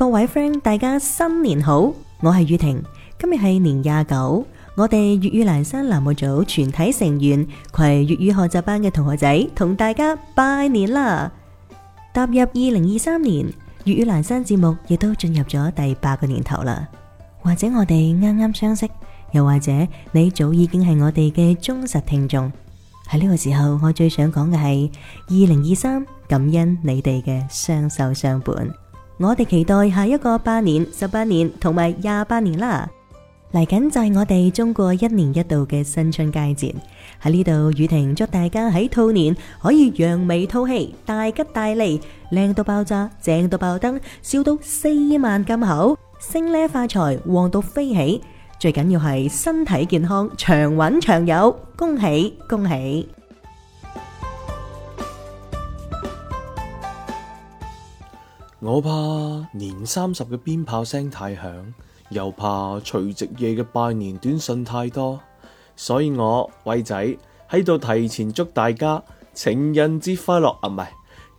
各位 friend，大家新年好，我係宇婷，今日係年廿九，我哋粵語闌珊欄目組全體成員攜粵語學習班嘅同學仔同大家拜年啦！踏入二零二三年，粵語闌珊節目亦都進入咗第八個年頭啦。或者我哋啱啱相識，又或者你早已經係我哋嘅忠實聽眾。喺呢個時候，我最想講嘅係二零二三，感恩你哋嘅相守相伴。我哋期待下一個八年、十八年同埋廿八年啦！嚟緊就係我哋中國一年一度嘅新春佳節，喺呢度宇婷祝大家喺兔年可以揚眉吐氣、大吉大利、靚到爆炸、正到爆燈、笑到四萬咁口、升呢發財、旺到飛起，最緊要係身體健康、長揾長有，恭喜恭喜！我怕年三十嘅鞭炮聲太響，又怕除夕夜嘅拜年短信太多，所以我偉仔喺度提前祝大家情人節快樂啊，唔係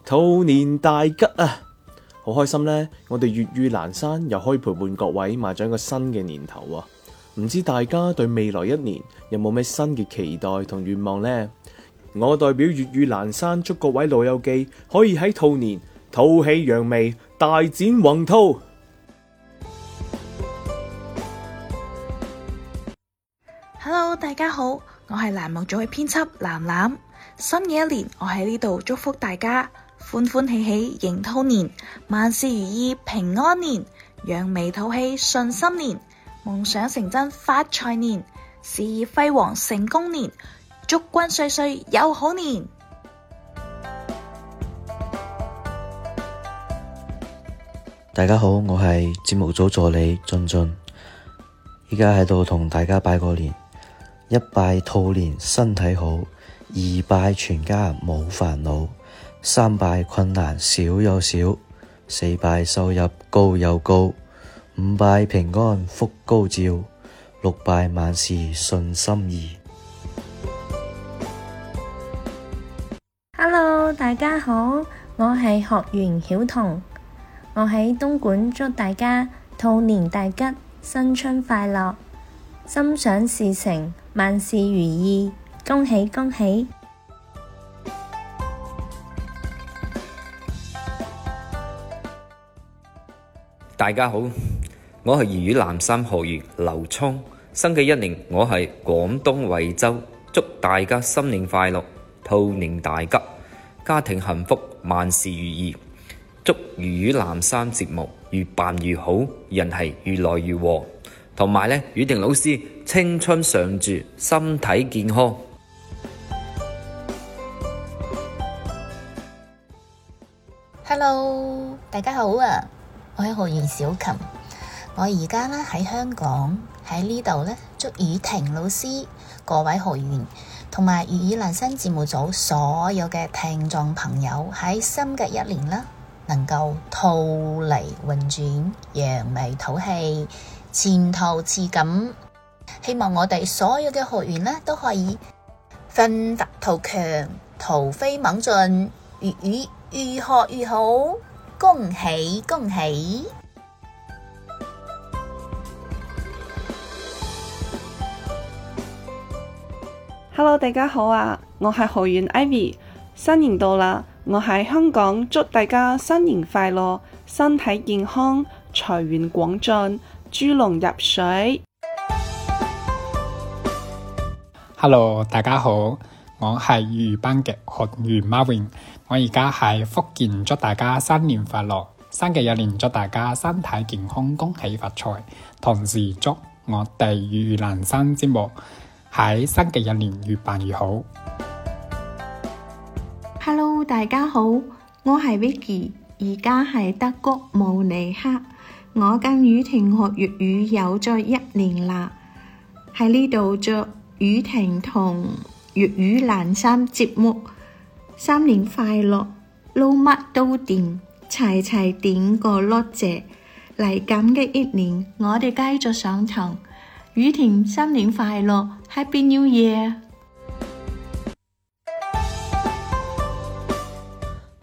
兔年大吉啊！好開心呢。我哋粵語闌珊又可以陪伴各位邁咗一個新嘅年頭啊！唔知大家對未來一年有冇咩新嘅期待同願望呢？我代表粵語闌珊祝各位老友記可以喺兔年，吐氣揚眉，大展宏圖。Hello，大家好，我係欄目組嘅編輯楠楠。新嘅一年，我喺呢度祝福大家，歡歡喜喜迎兔年，萬事如意平安年，揚眉吐氣順心年，夢想成真發財年，事業輝煌成功年，祝君歲歲有好年。大家好，我係節目組助理俊俊，依家喺度同大家拜個年。一拜兔年身體好，二拜全家冇煩惱，三拜困難少又少，四拜收入高又高，五拜平安福高照，六拜萬事順心意。Hello，大家好，我係學員曉彤。我喺東莞，祝大家兔年大吉，新春快樂，心想事成，萬事如意，恭喜恭喜！大家好，我係粵語闌珊學員劉聰，新嘅一年，我喺廣東惠州，祝大家新年快樂，兔年大吉，家庭幸福，萬事如意。祝粵語闌珊節目越辦越好，人係越來越和。同埋呢宇婷老師青春常駐，身體健康。Hello，大家好啊！我係學員小琴，我而家呢喺香港喺呢度呢，祝宇婷老師各位學員同埋粵語闌珊節目組所有嘅聽眾朋友喺新嘅一年啦，能夠兔嚟運轉，揚眉吐氣，前途似錦。希望我哋所有嘅學員呢都可以奮發圖強，突飛猛進，粵語越學越好。恭喜恭喜！Hello，大家好啊，我係學員艾米，新年到啦。我喺香港，祝大家新年快樂，身體健康，財源廣進，豬籠入水。Hello，大家好，我係魚班嘅學員 Marvin。我而家喺福建，祝大家新年快樂，新嘅一年祝大家身體健康，恭喜發財。同時祝我哋粵語闌珊節目喺新嘅一年越辦越好。大家好，我係 Vicky，而家係德國慕尼黑。我跟雨婷學粵語有咗一年啦，喺呢度祝雨婷同粵語闌珊節目，新年快樂，撈乜都掂，齊齊掂過碌蔗。嚟緊嘅一年，我哋繼續上堂。雨婷新年快樂，Happy New Year！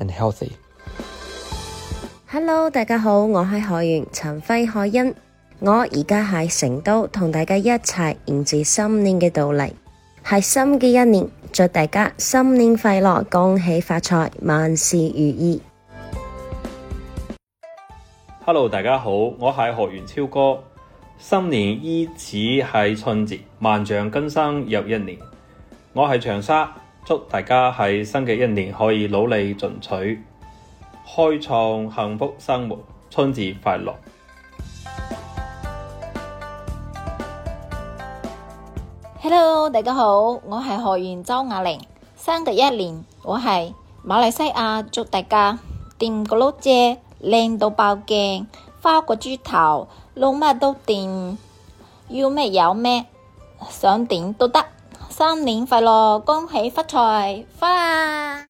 and Hello，大家好，我係學員陳輝海欣，我而家喺成都同大家一齊迎接新年嘅到嚟，係新嘅一年，祝大家新年快樂，恭喜發財，萬事如意。Hello，大家好，我係學員超哥，新年伊始係春節，萬象更生又一年，我係長沙。祝大家喺新嘅一年可以努力進取，開創幸福生活，春節快樂。Hello，大家好，我係學員周雅玲，新嘅一年，我係馬來西亞，祝大家掂個碌蔗，靚到爆鏡，花個豬頭，撈乜都掂，要咩有咩，想點都得。新年快樂，恭喜發財，發！Bye.